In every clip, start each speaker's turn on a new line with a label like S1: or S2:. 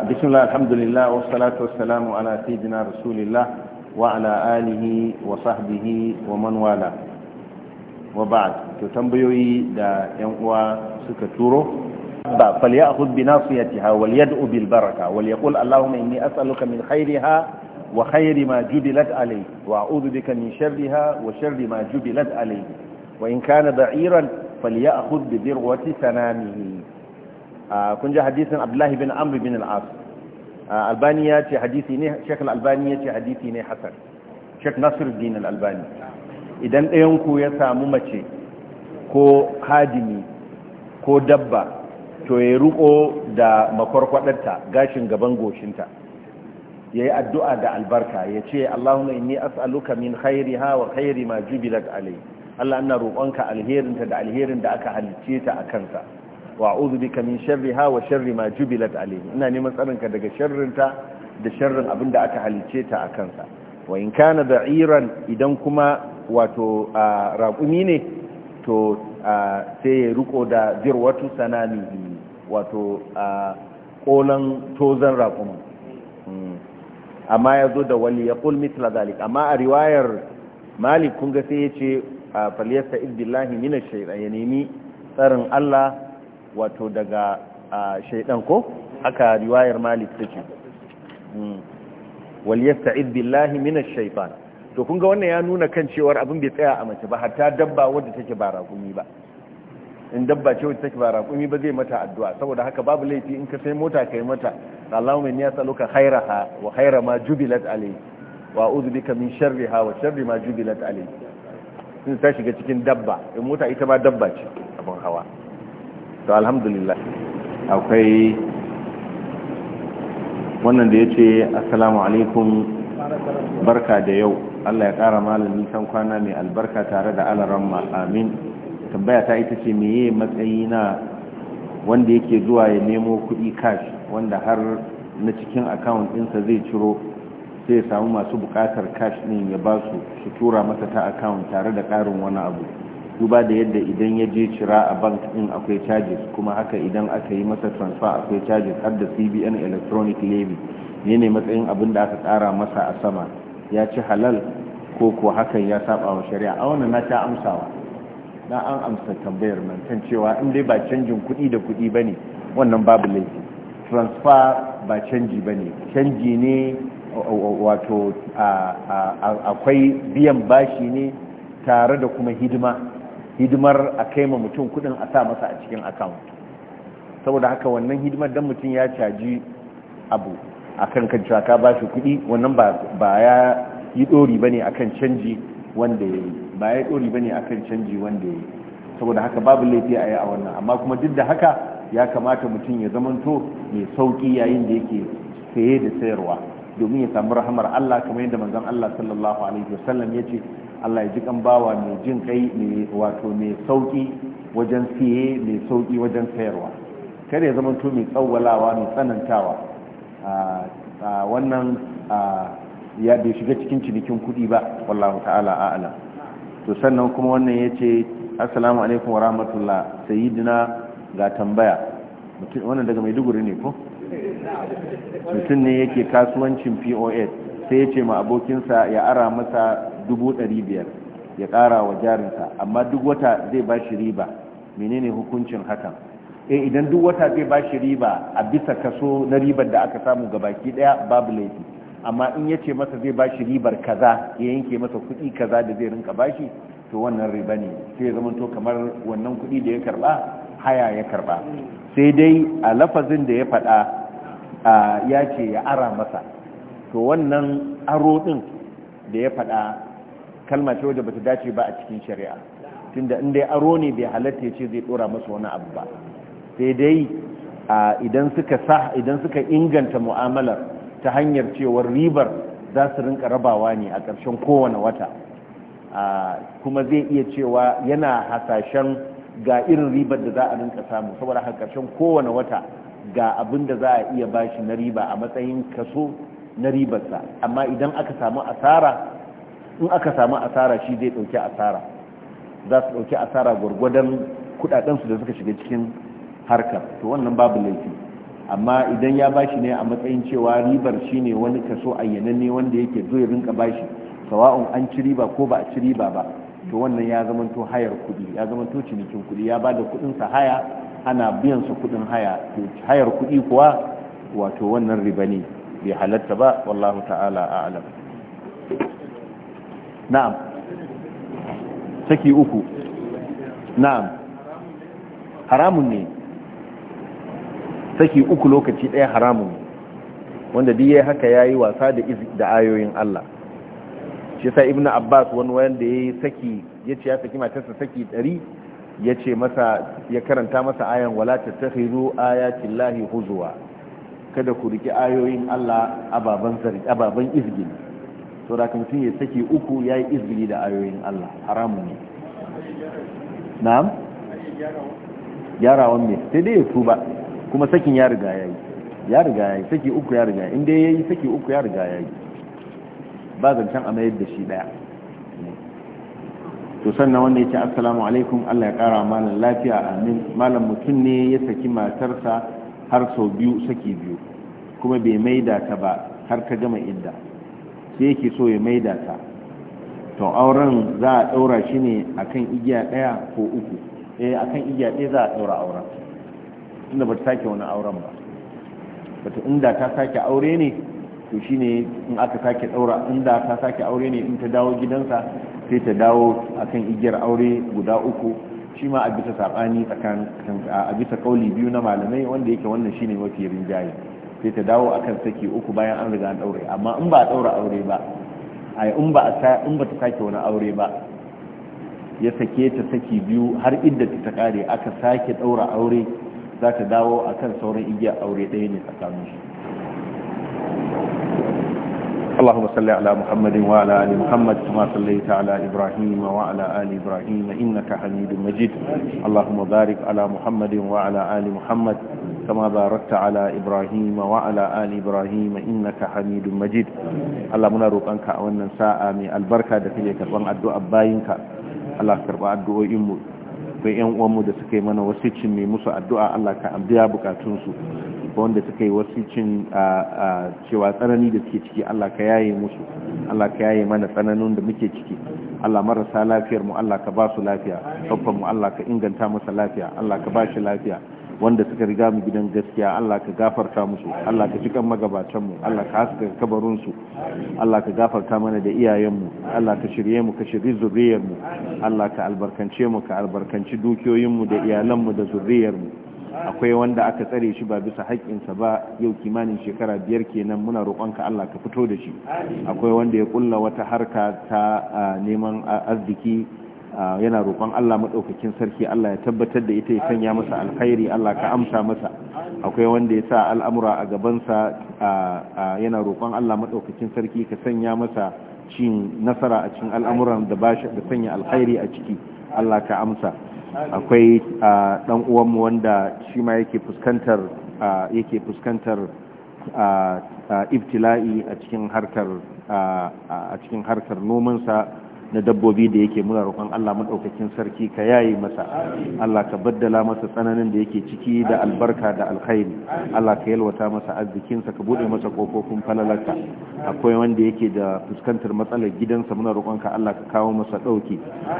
S1: بسم الله الحمد لله والصلاة والسلام على سيدنا رسول الله وعلى آله وصحبه ومن والاه وبعد تتنبيوي دا ينقوى سكتورو فليأخذ بناصيتها وليدعو بالبركة وليقول اللهم إني أسألك من خيرها وخير ما جبلت عليه وأعوذ بك من شرها وشر ما جبلت عليه وإن كان بعيرا فليأخذ بذروة سنامه kun ji hadisin abdullahi bin amr bin al albani ya ce hadisi ne shekul albani ya ce hadisi ne hasar shek nasir al-albani idan ɗayanku ya samu mace ko hadimi ko dabba to ya ruko da makwarkwadarta gashin gaban goshinta ya yi addu'a da albarka ya ce allahu Allahumma ni as'aluka min khairi ha wa khairi ma jubilat alai Allah na roƙonka alherinta da alherin da aka halicce ta a kansa وأعوذ بك sharri ma jubilat a جبلت ina neman tsarinka daga sharrinta da sharrin abin da aka halice ta a kansa wa in kana da iran idan kuma wato raƙumi ne to sai ya riko da jirwatu sanani wato ƙolan tozan raƙumin hmm. amma ya zo da wali ya ƙul mitla zalik amma a riwayar malik kunga sai ya ce faliyasta ibillahi mina shaidan ya nemi tsarin allah wato daga shaidan ko haka riwayar malik take hmm. wal yasta'id billahi minash shaytan to kun ga wannan ya nuna kan cewar abin bai tsaya a mace ba hatta dabba wadda take barakumi ba in dabba ce wadda take barakumi ba zai mata addu'a saboda haka babu laifi in ka sai mota kai mata Allahu min yasaluka khairaha wa khaira ma jubilat alayhi wa a'udhu bika min sharriha wa sharri ma jubilat alayhi sun ta shiga cikin dabba in mota ita ma dabba ce abin hawa to alhamdulillah akwai wannan da ya ce assalamu alaikum barka da yau Allah ya kara malami san kwana mai albarka tare da alaran amin tambaya ta ita ce meye matsayi na wanda yake zuwa ya nemo kudi cash wanda har na cikin account ɗinsa zai ciro sai ya samu masu bukatar cash ɗin ya ba su tura masa ta account tare da ƙarin wani abu duba da yadda idan ya je cira a bank din akwai charges kuma haka idan aka yi masa transfer akwai charges har da cbn electronic levy ne ne matsayin abin da aka tsara masa a sama ya ci halal ko ko hakan ya saba wa shari'a a wannan na ta amsawa na an amsa tambayar nan kan cewa in dai ba canjin kuɗi da kuɗi ba ne wannan babu laifi transfer ba canji ba ne canji ne wato akwai biyan bashi ne tare da kuma hidima hidimar a kai ma mutum kudin a sa masa a cikin account saboda haka wannan hidimar dan mutum ya caji abu akan kan cewa ka bashi kudi wannan ba ya yi dori bane akan canji wanda ya yi ba ya dori bane akan canji wanda ya yi saboda haka babu laifi a yi a wannan amma kuma duk da haka ya kamata mutum ya zamanto mai sauki yayin da yake saye da sayarwa domin ya samu rahamar Allah kamar yadda manzon Allah sallallahu alaihi wasallam ya ce Allah ya ji kan bawa mai jin kai wato mai sauki wajen siye mai sauki wajen sayarwa kada ya zama to mai tsawwalawa mai tsanantawa a wannan ya bai shiga cikin cinikin kuɗi ba wallahu ta'ala a'ala to sannan kuma wannan ya ce assalamu alaikum wa rahmatullah sayyidina ga tambaya wannan daga mai duguri ne ko
S2: mutum ne yake
S1: kasuwancin pos sai ya ce ma abokinsa ya ara masa dubu ɗari biyar ya ƙara wa jarinsa amma duk wata zai ba shi riba menene hukuncin hakan eh idan duk wata zai ba shi riba a bisa kaso na ribar da aka samu ga baki ɗaya babu laifi amma in ya ce masa zai ba shi ribar kaza ya yanke masa kuɗi kaza da zai rinka ba shi to wannan riba ne sai ya zamanto kamar wannan kuɗi da ya karɓa haya ya karɓa sai dai a lafazin da ya faɗa ya ce ya ara masa to wannan aro ɗin da ya faɗa kalma ce wadda bata dace ba a cikin shari'a tunda in dai aro ne bai halatta ya ce zai dora masa wani abu ba sai dai idan suka sa idan suka inganta mu'amalar ta hanyar cewar ribar za su rinka rabawa ne a ƙarshen kowane wata kuma zai iya cewa yana hasashen ga irin ribar da za a rinka samu saboda haka ƙarshen kowane wata ga abin da za a iya bashi na riba a matsayin kaso na ribarsa amma idan aka samu asara in aka samu asara shi zai dauki asara za su ɗauki asara gwargwadon kuɗaɗensu da suka shiga cikin harkar to wannan babu laifi amma idan ya bashi ne a matsayin cewa ribar shi ne wani kaso ayyananne wanda yake zo ya rinka bashi sawa'un an ci riba ko ba a ci riba ba to wannan ya zama to hayar kuɗi ya zama to cinikin kuɗi ya bada kuɗinsa haya ana biyan sa kuɗin haya to hayar kuɗi kuwa wato wannan riba ne bai halatta ba wallahu ta'ala a'lam na'am saki uku na'am haramun ne saki uku lokaci ɗaya haramun ne wanda duk haka ya yi wasa da da ayoyin Allah shi sa Ibn abbas wani wanda yi saki ce ya saki matarsa saki ɗari yace masa ya karanta masa ayan wala ta tattakhizu aya lahi huzuwa kada ku riki ayoyin Allah ababan izgini to da kan ya saki uku ya yi izgili da ayoyin Allah haramun ne na'am gyarawan mai sai dai ya tuba kuma sakin ya riga ya yi ya riga ya yi saki uku ya riga inda ya yi saki uku ya riga ya yi ba zancen a mayar da shi daya to sannan wanda ya ce assalamu alaikum Allah ya kara malam lafiya amin malam mutum ne ya saki matarsa har sau biyu saki biyu kuma bai maida ta ba har ka gama idda sai yake so ya maida ta to auren za a daura shi ne akan igiya daya ko uku eh akan igiya daya za a daura auren inda ba ta sake wani auren ba bata inda ta sake aure ne to shine in aka sake daura inda ta sake aure ne in ta dawo gidansa sai ta dawo akan igiyar aure guda uku shi ma a bisa sabani tsakanin a bisa kauli biyu na malamai wanda yake wannan shine mafi rinjaye sai ta dawo akan saki uku bayan an riga an daure amma in ba a daura aure ba a in ba in ba ta sake wani aure ba ya sake ta saki biyu har idda ta kare aka sake daura aure za ta dawo akan sauran igiya aure ɗaya ne tsakanin shi اللهم صل على محمد وعلى آل محمد كما صليت على إبراهيم وعلى آل إبراهيم إنك حميد مجيد اللهم بارك على محمد وعلى آل محمد كما باركت على إبراهيم وعلى آل إبراهيم إنك حميد مجيد اللهم نروك أنك أولا ساعة من البركة دفلك وأن أدعو أباينك الله كرب أدعو إمو akwai yan uwanmu da suka yi mana wasicin mai musu addu'a Allah ka ambiya bukatunsu wanda suka yi wasicin cewa tsanani da suke ciki Allah ka yaye musu Allah ka yaye mana tsananin da muke ciki Allah marasa lafiyar mu Allah ka ba su lafiya babban mu Allah ka inganta masa lafiya Allah ka ba shi lafiya wanda suka riga mu gidan gaskiya Allah ka gafarta musu Allah ka cikan magabatan mu Allah ka haska kabarin su Allah ka gafarta mana da iyayenmu mu Allah ka shirye mu ka shirye zuriyar Allah ka albarkance mu ka albarkanci dukiyoyin da iyalanmu da zuriyar mu akwai wanda aka tsare shi ba bisa haƙƙinsa ba yau kimanin shekara biyar kenan muna roƙonka Allah ka fito da shi akwai wanda ya kulla wata harka ta ah, neman ah, arziki yana roƙon Allah maɗaukakin sarki Allah ya tabbatar da ita ya sanya masa alkhairi Allah ka amsa masa akwai wanda ya sa al'amura a gabansa yana roƙon Allah maɗaukakin sarki ka sanya masa cin nasara a cikin al'amuran da ba shi da sanya alkhairi a ciki Allah ka amsa akwai ɗan uwanmu wanda shi ma yake fuskantar yake fuskantar ibtila'i a cikin harkar nomansa na dabbobi da yake muna roƙon Allah madaukakin sarki ka yayi masa Allah ka baddala masa tsananin da yake ciki da albarka da alkhairi Allah ka yalwata masa arzikin sa ka bude masa kofofin falalarka akwai wanda yake da fuskantar matsalar gidansa muna roƙon ka Allah ka kawo masa dauki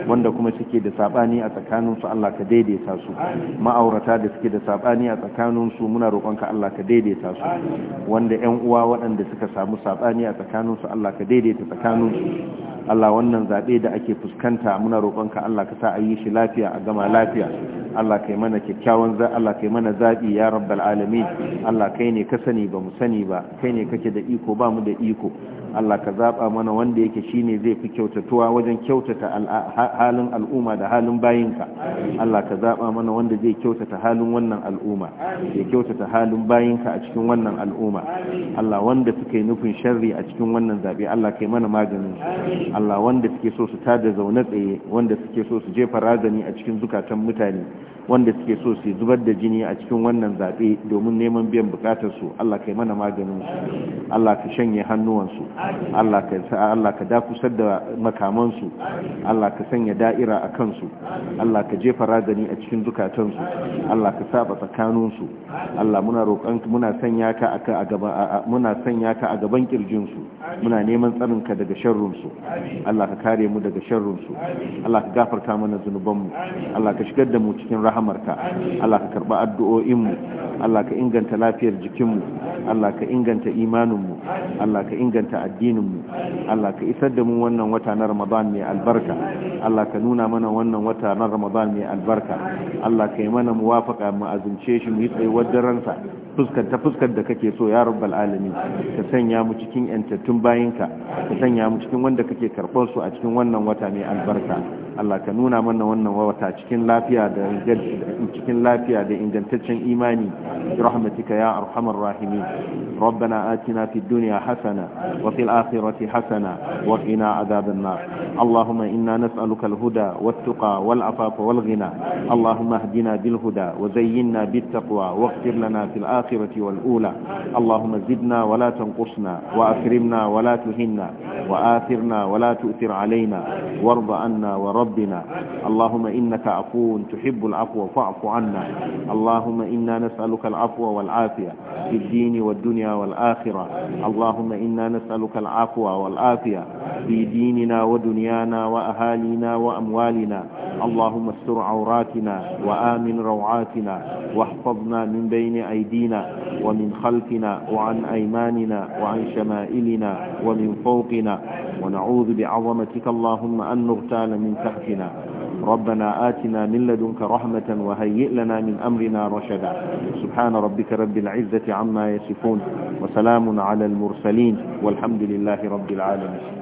S1: wanda kuma suke da sabani a tsakanin su Allah ka daidaita su ma'aurata da suke da sabani a tsakanin su muna roƙon ka Allah ka daidaita su wanda ƴan uwa waɗanda suka samu sabani a tsakanin su Allah ka daidaita tsakanin su Allah wannan zaɓe da ake fuskanta muna roƙonka Allah ka sa a yi shi lafiya a gama lafiya Allah kai mana kyakkyawan za Allah kai mana zaɓi ya rabbal alamin Allah kai ne ka sani ba mu sani ba kai ne kake da iko ba mu da iko Allah ka zaɓa mana wanda yake shine zai fi kyautatuwa wajen kyautata halin al'umma da halin bayinka Allah ka zaɓa mana wanda zai kyautata halin wannan al'umma zai kyautata halin bayinka a cikin wannan al'umma Allah wanda yi nufin sharri a cikin wannan zaɓe Allah kai mana maganin Allah wanda suke suke so su tada zaune tsaye wanda suke so su jefa razani a cikin zukatan mutane wanda suke so su zubar da jini a cikin wannan zaɓe domin neman biyan bukatarsu Allah kai mana maganin
S2: su
S1: Allah ka shanye hannuwansu Allah ka dakusar da makamansu Allah ka sanya da'ira a kansu Allah ka jefa razani a cikin zukatansu Allah ka saba tsakaninsu Allah muna roƙon muna sanya ka a gaban kirjinsu muna neman tsarin daga sharrunsu Allah ka kare kare mu daga sharrinsu Allah ka gafarta mana zunubanmu Allah ka shigar da mu cikin rahamarka Allah ka karba addu'o'inmu Allah ka inganta lafiyar jikinmu Allah ka inganta imaninmu Allah ka inganta addininmu Allah ka isar da mu wannan wata na Ramadan mai albarka Allah ka nuna mana wannan wata na Ramadan mai albarka Allah ka yi mana muwafaka mu azince shi mu yi tsayuwar sa fuskar ta fuskar da kake so ya rabbal alamin ka sanya mu cikin yantattun bayinka ka sanya mu cikin wanda kake karɓar su a cikin cikin wannan wata mai albarka Allah ka nuna mana wannan wata cikin lafiya da cikin lafiya da ingantaccen imani
S2: rahmatika
S1: ya arhamar rahimin ربنا آتنا في الدنيا حسنة وفي الآخرة حسنة وقنا عذاب النار اللهم إنا نسألك الهدى والتقى والعفاف والغنى اللهم اهدنا بالهدى وزينا بالتقوى واغفر لنا في الآخرة والأولى اللهم زدنا ولا تنقصنا وأكرمنا ولا تهنا وآثرنا ولا تؤثر علينا علينا وارض عنا وربنا اللهم إنك عفو تحب العفو فاعف عنا اللهم إنا نسألك العفو والعافية في الدين والدنيا والآخرة اللهم إنا نسألك العفو والعافية في ديننا ودنيانا وأهالينا وأموالنا اللهم استر عوراتنا وآمن روعاتنا واحفظنا من بين أيدينا ومن خلفنا وعن أيماننا وعن شمائلنا ومن فوقنا ونعوذ بعظمتك اللهم أن نغتال من تحتنا ربنا آتنا من لدنك رحمة وهيئ لنا من أمرنا رشدا سبحان ربك رب العزة عما يصفون وسلام على المرسلين والحمد لله رب العالمين